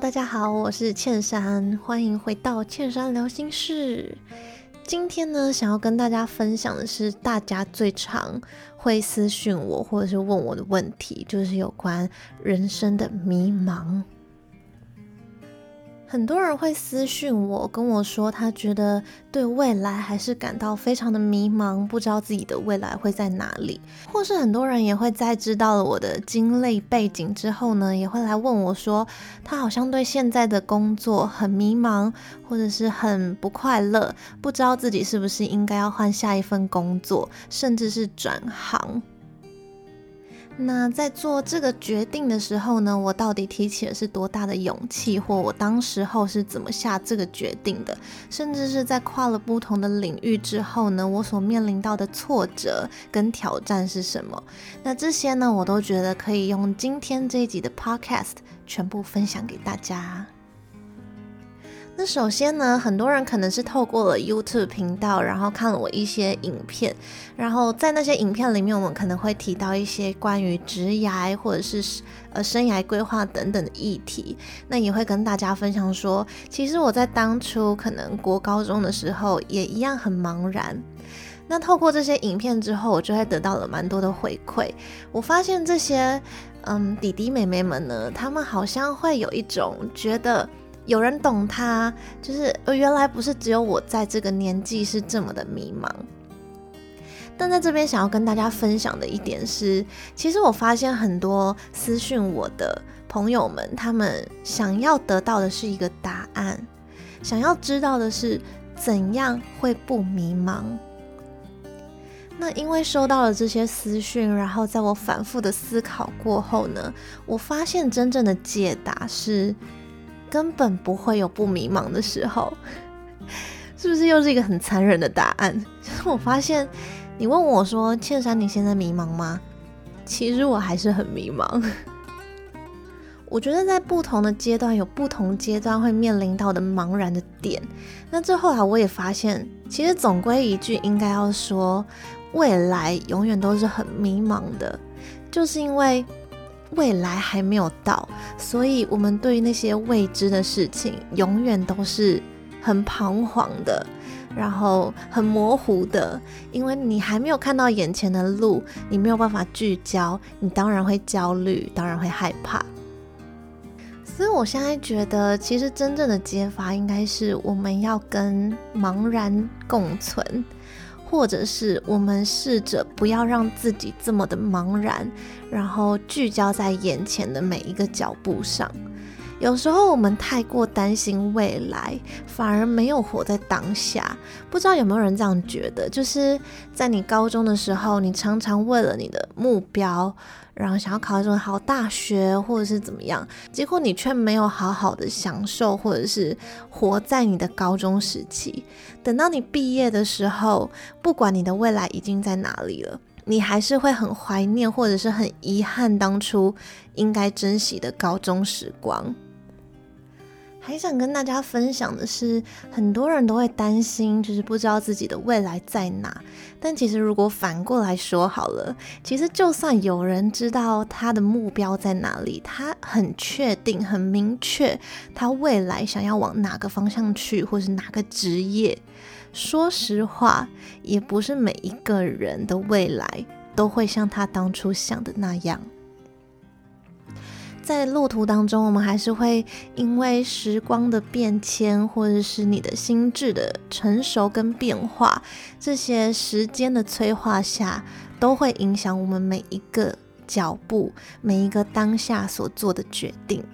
大家好，我是茜珊，歡迎回到茜珊聊心室。今天呢，想要跟大家分享的是大家最常會私訊我或者是問我的問題，就是有關人生的迷茫。很多人會私訊我，跟我說他覺得對未來還是感到非常的迷茫，不知道自己的未來會在哪裡。或是很多人也會在知道了我的經歷背景之後呢，也會來問我，說他好像對現在的工作很迷茫，或者是很不快樂，不知道自己是不是應該要換下一份工作，甚至是轉行。那在做這個決定的時候呢，我到底提起了是多大的勇氣，或我當時候是怎麼下這個決定的？甚至是在跨了不同的領域之後呢，我所面臨到的挫折跟挑戰是什麼？那這些呢，我都覺得可以用今天這一集的 Podcast 全部分享給大家。那首先呢，很多人可能是透過了 YouTube 頻道，然後看了我一些影片，然後在那些影片裡面，我們可能會提到一些關於職涯或者是呃生涯規劃等等的議題。那也會跟大家分享說，其實我在當初可能國高中的時候也一樣很茫然。那透過這些影片之後，我就會得到了蠻多的回饋。我發現這些嗯弟弟妹妹們呢，他們好像會有一種覺得。有人懂他，就是原來不是只有我在這個年紀是這麼的迷茫。但在這邊想要跟大家分享的一點是，其實我發現很多私訊我的朋友們，他們想要得到的是一個答案，想要知道的是怎樣會不迷茫。那因為收到了這些私訊，然後在我反復的思考過後呢，我發現真正的解答是。根本不會有不迷茫的時候，是不是又是一個很殘忍的答案？就 是我發現，你問我說，茜珊，你現在迷茫嗎？其實我還是很迷茫。 我覺得在不同的階段，有不同階段會面臨到的茫然的點。那最後來我也發現，其實總歸一句，應該要說，未來永遠都是很迷茫的，就是因為。未來還沒有到，所以我們對於那些未知的事情，永遠都是很彷徨的，然後很模糊的，因為你還沒有看到眼前的路，你沒有辦法聚焦，你當然會焦慮，當然會害怕。所以我現在覺得，其實真正的解法應該是我們要跟茫然共存。或者是我們試着不要讓自己這麼的茫然，然後聚焦在眼前的每一個腳步上。有時候我們太過擔心未來，反而沒有活在當下。不知道有沒有人這樣覺得？就是在你高中的時候，你常常為了你的目標，然後想要考上好大學或者是怎麼樣，結果你卻沒有好好的享受或者是活在你的高中時期。等到你畢業的時候，不管你的未來已經在哪裡了，你還是會很懷念或者是很遺憾當初應該珍惜的高中時光。還想跟大家分享的是，很多人都會擔心，就是不知道自己的未來在哪。但其實，如果反過來說好了，其實就算有人知道他的目標在哪裡，他很確定、很明確，他未來想要往哪個方向去，或是哪個職業，說實話，也不是每一個人的未來都會像他當初想的那樣。在路途當中，我們還是會因為時光的變遷，或者是你的心智的成熟跟變化，這些時間的催化下，都會影響我們每一個腳步、每一個當下所做的決定。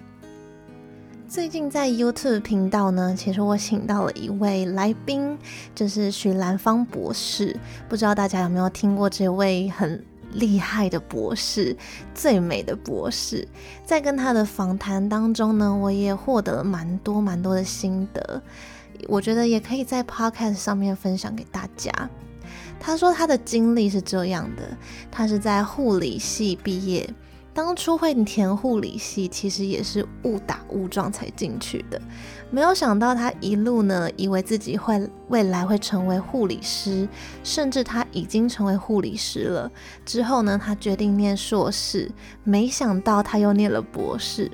最近在 YouTube 頻道呢，其實我請到了一位來賓，就是許蘭芳博士，不知道大家有沒有聽過這位很厲害的博士，最美的博士，在跟他的訪談當中呢，我也獲得蠻多蠻多的心得，我覺得也可以在 Podcast 上面分享給大家。他說他的經歷是這樣的，他是在護理系畢業。當初會填護理系，其實也是誤打誤撞才進去的。沒有想到他一路呢，以為自己會未來會成為護理師，甚至他已經成為護理師了。之後呢，他決定念碩士，沒想到他又念了博士。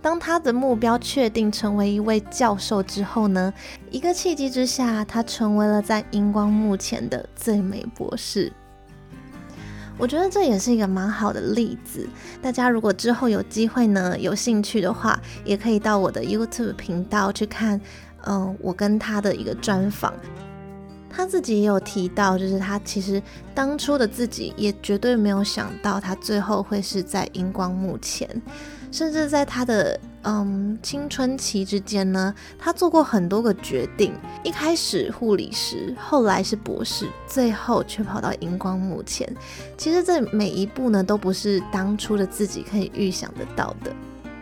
當他的目標確定成為一位教授之後呢，一個契機之下，他成為了在熒光幕前的最美博士。我覺得這也是一個蠻好的例子。大家如果之後有機會呢，有興趣的話，也可以到我的 YouTube 頻道去看，嗯、呃，我跟他的一個專訪。他自己也有提到，就是他其實當初的自己也絕對沒有想到，他最後會是在熒光幕前，甚至在他的。嗯，青春期之間呢，他做過很多個決定。一開始護理師，後來是博士，最後卻跑到熒光幕前。其實這每一步呢，都不是當初的自己可以預想得到的。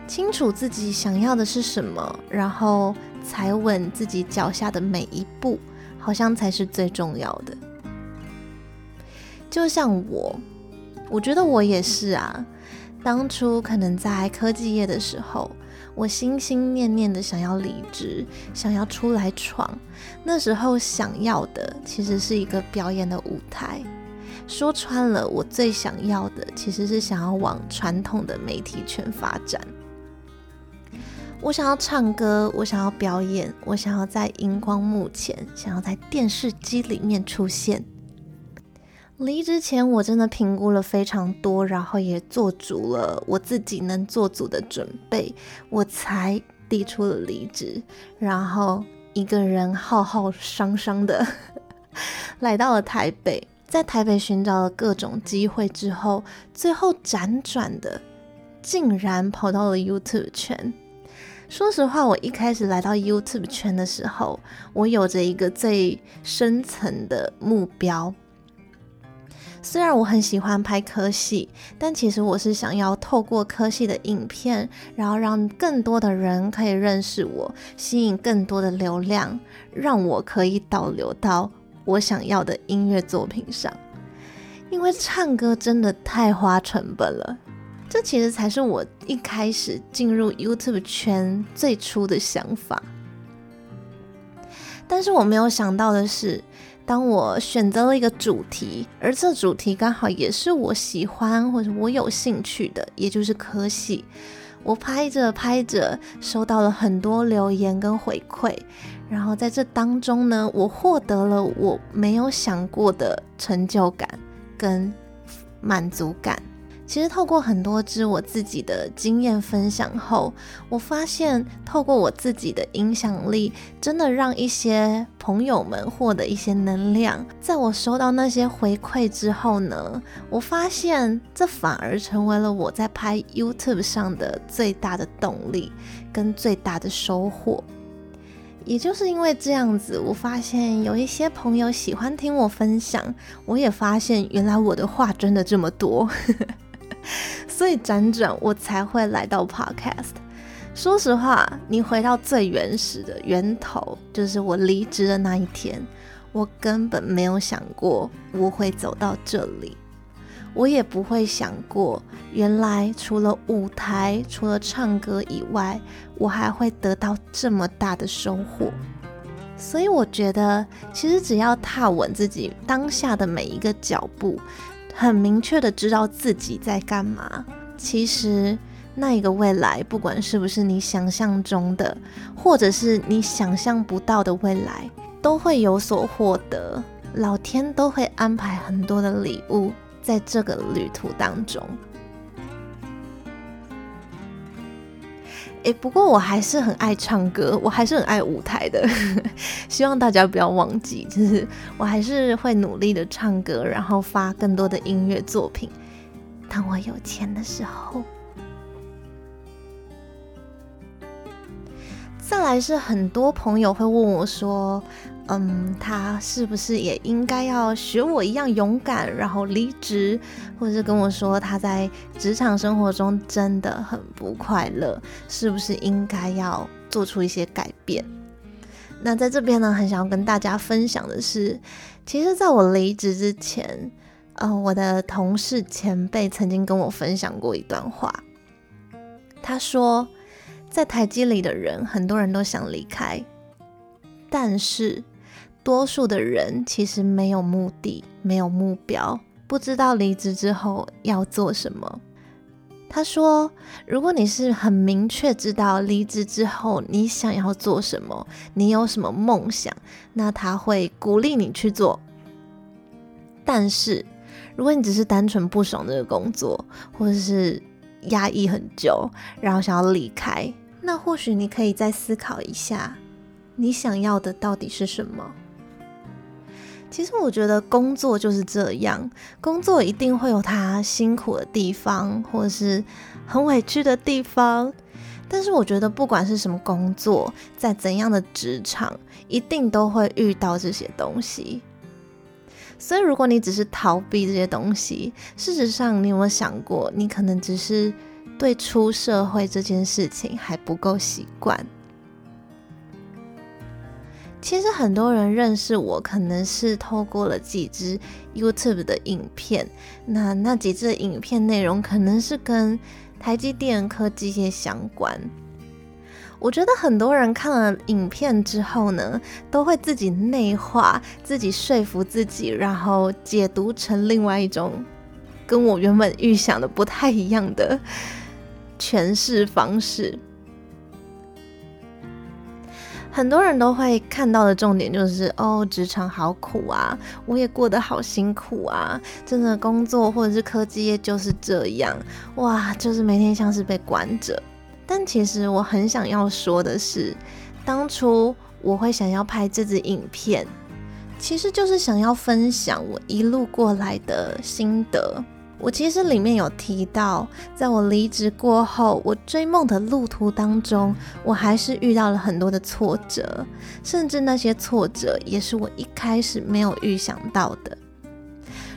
清楚自己想要的是什麼，然後踩穩自己腳下的每一步，好像才是最重要的。就像我，我覺得我也是啊，當初可能在科技業的時候。我心心念念的想要離職，想要出來闖。那時候想要的其實是一個表演的舞台。說穿了，我最想要的其實是想要往傳統的媒體圈發展。我想要唱歌，我想要表演，我想要在熒光幕前，想要在電視機裡面出現。離職前，我真的評估了非常多，然後也做足了我自己能做足的準備，我才提出了離職。然後一個人浩浩湯湯的 來到了台北，在台北尋找了各種機會之後，最後輾轉的竟然跑到了 YouTube 圈。說實話，我一開始來到 YouTube 圈的時候，我有着一個最深層的目標。雖然我很喜歡拍科系，但其實我是想要透過科系的影片，然後讓更多的人可以認識我，吸引更多的流量，讓我可以導流到我想要的音樂作品上。因為唱歌真的太花成本了，這其實才是我一開始進入 YouTube 圈最初的想法。但是我沒有想到的是，當我選擇了一個主題，而這主題剛好也是我喜歡或者我有興趣的，也就是科系，我拍着拍着收到了很多留言跟回饋，然後在這當中呢，我獲得了我沒有想過的成就感跟滿足感。其實透過很多支我自己的經驗分享後，我發現透過我自己的影響力，真的讓一些朋友們獲得一些能量。在我收到那些回饋之後呢，我發現這反而成為了我在拍 YouTube 上的最大的動力跟最大的收穫。也就是因為這樣子，我發現有一些朋友喜歡聽我分享，我也發現原來我的話真的這麼多。 所以輾轉，我才會來到 Podcast。說實話，你回到最原始的源頭，就是我離職的那一天。我根本沒有想過我會走到這裡，我也不會想過，原來除了舞台，除了唱歌以外，我還會得到這麼大的收穫。所以我覺得，其實只要踏穩自己當下的每一個腳步。很明確的知道自己在幹嘛。其實那一個未來，不管是不是你想象中的，或者是你想象不到的未來，都會有所獲得。老天都會安排很多的禮物在這個旅途當中。欸，不過我還是很愛唱歌，我還是很愛舞台的，呵呵。希望大家不要忘記，就是我還是會努力的唱歌，然後發更多的音樂作品。當我有錢的時候，再來是很多朋友會問我說。嗯，他是不是也應該要學我一樣勇敢，然後離職，或者跟我說他在職場生活中真的很不快樂，是不是應該要做出一些改變？那在這邊呢，很想要跟大家分享的是，其實在我離職之前，呃，我的同事前輩曾經跟我分享過一段話，他說，在台積裡的人，很多人都想離開，但是。多數的人其實沒有目的，沒有目標，不知道離職之後要做什麼。他說：“如果你是很明確知道離職之後你想要做什麼，你有什麼夢想，那他會鼓勵你去做。但是，如果你只是單純不爽這個工作，或者是壓抑很久，然後想要離開，那或許你可以再思考一下，你想要的到底是什麼。”其實我覺得工作就是這樣，工作一定會有它辛苦的地方，或者是很委屈的地方。但是我覺得不管是什麼工作，在怎樣的職場，一定都會遇到這些東西。所以如果你只是逃避這些東西，事實上你有沒有想過，你可能只是對出社會這件事情還不夠習慣。其實很多人認識我，可能是透過了幾支 YouTube 的影片。那那幾支影片內容可能是跟台積電科技相關。我覺得很多人看了影片之後呢，都會自己內化、自己說服自己，然後解讀成另外一種跟我原本預想的不太一樣的詮釋方式。很多人都會看到的重點就是，哦，職場好苦啊，我也過得好辛苦啊，真的工作或者是科技業就是這樣，哇，就是每天像是被關着。但其實我很想要說的是，當初我會想要拍這支影片，其實就是想要分享我一路過來的心得。我其實裡面有提到，在我離職過後，我追夢的路途當中，我還是遇到了很多的挫折，甚至那些挫折也是我一開始沒有預想到的。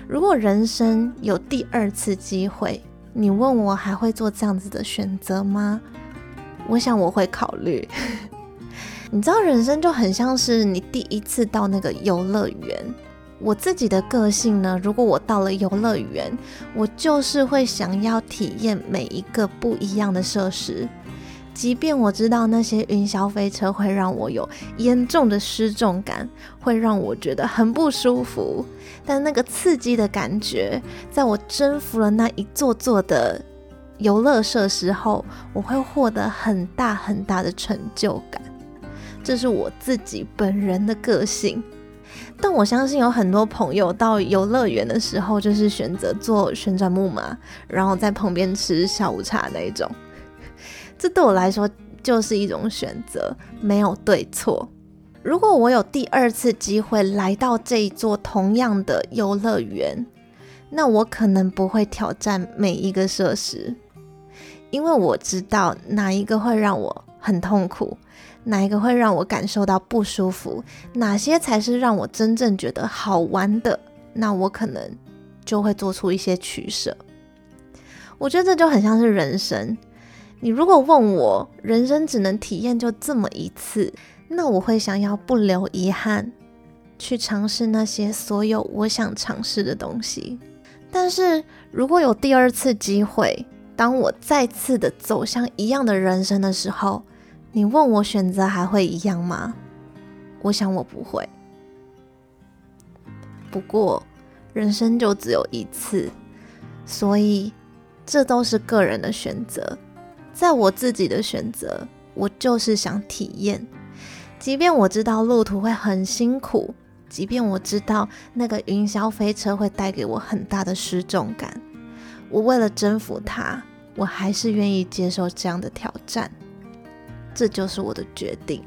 如果人生有第二次機會，你問我還會做這樣子的選擇嗎？我想我會考慮。 你知道，人生就很像是你第一次到那個遊樂園。我自己的個性呢，如果我到了遊樂園，我就是會想要體驗每一個不一樣的設施，即便我知道那些雲霄飛車會讓我有嚴重的失重感，會讓我覺得很不舒服，但那個刺激的感覺，在我征服了那一座座的遊樂設施後，我會獲得很大很大的成就感。這是我自己本人的個性。但我相信有很多朋友到遊樂園的時候，就是選擇坐旋轉木馬，然後在旁邊吃下午茶那一種。 這對我來說就是一種選擇，沒有對錯。如果我有第二次機會來到這一座同樣的遊樂園，那我可能不會挑戰每一個設施，因為我知道哪一個會讓我很痛苦。哪一個會讓我感受到不舒服？哪些才是讓我真正覺得好玩的？那我可能就會做出一些取捨。我覺得這就很像是人生。你如果問我，人生只能體驗就這麼一次，那我會想要不留遺憾，去嘗試那些所有我想嘗試的東西。但是如果有第二次機會，當我再次的走向一樣的人生的時候，你問我選擇還會一樣嗎？我想我不會。不過人生就只有一次，所以這都是個人的選擇。在我自己的選擇，我就是想體驗。即便我知道路途會很辛苦，即便我知道那個雲霄飛車會帶給我很大的失重感，我為了征服它，我還是願意接受這樣的挑戰。這就是我的決定。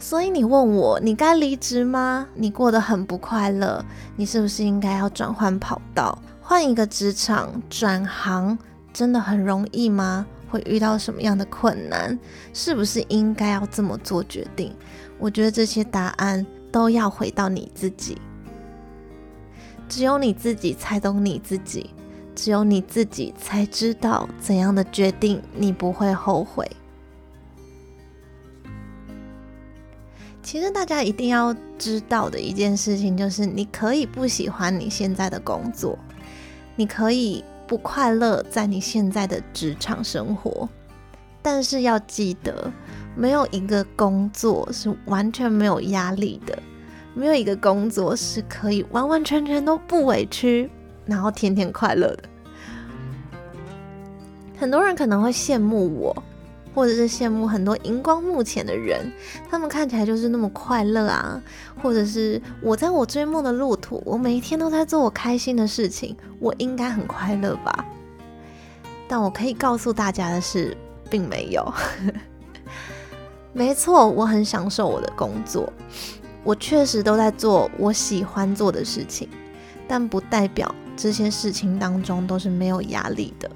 所以你問我，你該離職嗎？你過得很不快樂，你是不是應該要轉換跑道，換一個職場，轉行真的很容易嗎？會遇到什麼樣的困難？是不是應該要這麼做決定？我覺得這些答案都要回到你自己，只有你自己才懂你自己。只有你自己才知道怎樣的決定，你不會後悔。其實大家一定要知道的一件事情就是，你可以不喜歡你現在的工作，你可以不快樂在你現在的職場生活，但是要記得，沒有一個工作是完全沒有壓力的，沒有一個工作是可以完完全全都不委屈，然後天天快樂的。很多人可能會羨慕我，或者是羨慕很多熒光幕前的人，他們看起來就是那麼快樂啊。或者是我在我追夢的路途，我每一天都在做我開心的事情，我應該很快樂吧？但我可以告訴大家的是，並沒有。 沒錯，我很享受我的工作，我確實都在做我喜歡做的事情，但不代表這些事情當中都是沒有壓力的。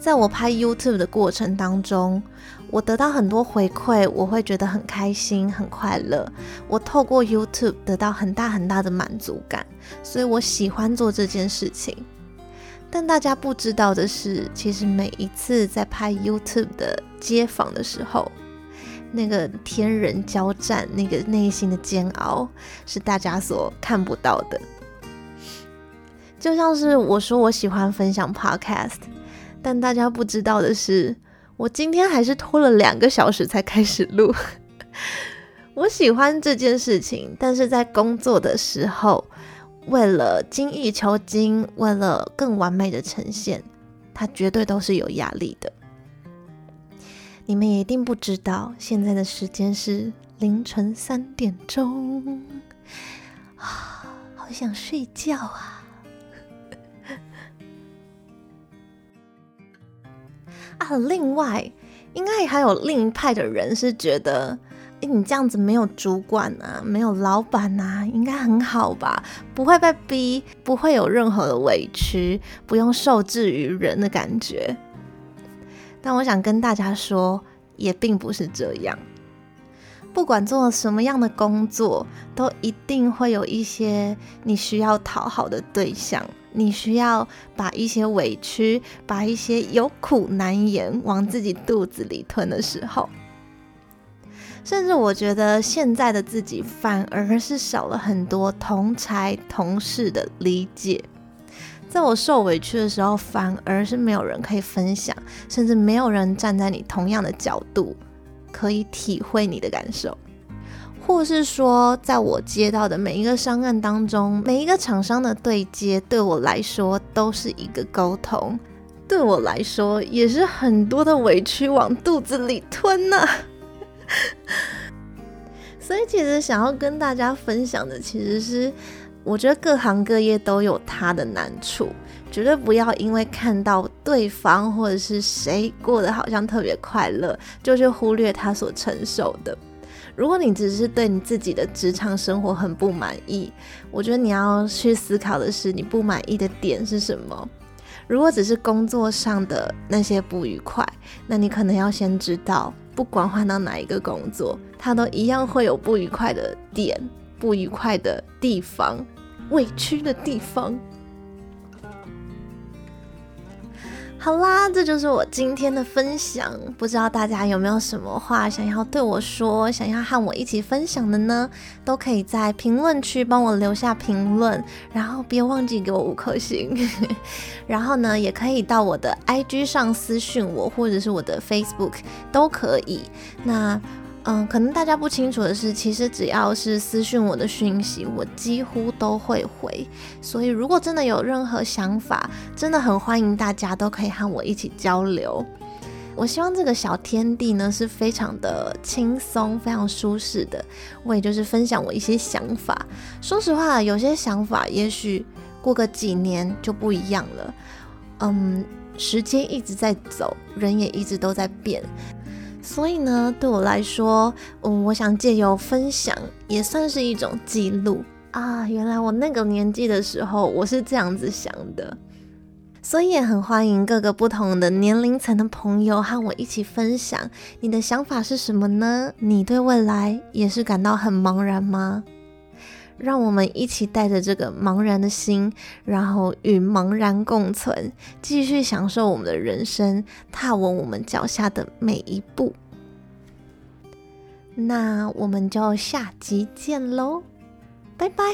在我拍 YouTube 的過程當中，我得到很多回饋，我會覺得很開心、很快樂。我透過 YouTube 得到很大很大的滿足感，所以我喜歡做這件事情。但大家不知道的是，其實每一次在拍 YouTube 的街訪的時候，那個天人交戰、那個內心的煎熬，是大家所看不到的。就像是我說，我喜歡分享 Podcast。但大家不知道的是，我今天還是拖了兩個小時才開始錄。 我喜歡這件事情，但是在工作的時候，為了精益求精，為了更完美的呈現，它絕對都是有壓力的。你們也一定不知道，現在的時間是凌晨三點鐘，啊，好想睡覺啊！啊，另外，應該還有另一派的人是覺得，誒、欸，你這樣子沒有主管吶、啊，沒有老闆吶、啊，應該很好吧？不會被逼，不會有任何的委屈，不用受制於人的感覺。但我想跟大家說，也並不是這樣。不管做什麼樣的工作，都一定會有一些你需要討好的對象。你需要把一些委屈，把一些有苦難言往自己肚子裡吞的時候，甚至我覺得現在的自己反而是少了很多同儕同事的理解，在我受委屈的時候，反而是沒有人可以分享，甚至沒有人站在你同樣的角度可以體會你的感受。或是說，在我接到的每一個商案當中，每一個廠商的對接，對我來說都是一個溝通，對我來說也是很多的委屈往肚子裡吞吶、啊。 所以，其實想要跟大家分享的，其實是我覺得各行各業都有他的難處，絕對不要因為看到對方或者是誰過得好像特別快樂，就去忽略他所承受的。如果你只是對你自己的職場生活很不滿意，我覺得你要去思考的是你不滿意的點是什麼。如果只是工作上的那些不愉快，那你可能要先知道，不管換到哪一個工作，它都一樣會有不愉快的點、不愉快的地方、委屈的地方。好啦，這就是我今天的分享。不知道大家有沒有什麼話想要對我說，想要和我一起分享的呢？都可以在評論區幫我留下評論，然後別忘記給我五顆星。 然後呢，也可以到我的 IG 上私訊我，或者是我的 Facebook 都可以。那。嗯，可能大家不清楚的是，其實只要是私訊我的訊息，我幾乎都會回。所以，如果真的有任何想法，真的很歡迎大家都可以和我一起交流。我希望這個小天地呢，是非常的輕鬆、非常舒適的。我也就是分享我一些想法。說實話，有些想法也許過個幾年就不一樣了。嗯，時間一直在走，人也一直都在變。所以呢，對我來說，嗯，我想借由分享也算是一種記錄啊。原來我那個年紀的時候，我是這樣子想的。所以也很歡迎各個不同的年齡層的朋友和我一起分享你的想法是什麼呢？你對未來也是感到很茫然嗎？讓我們一起帶着這個茫然的心，然後與茫然共存，繼續享受我們的人生，踏穩我們腳下的每一步。那我們就下集見嘍，拜拜。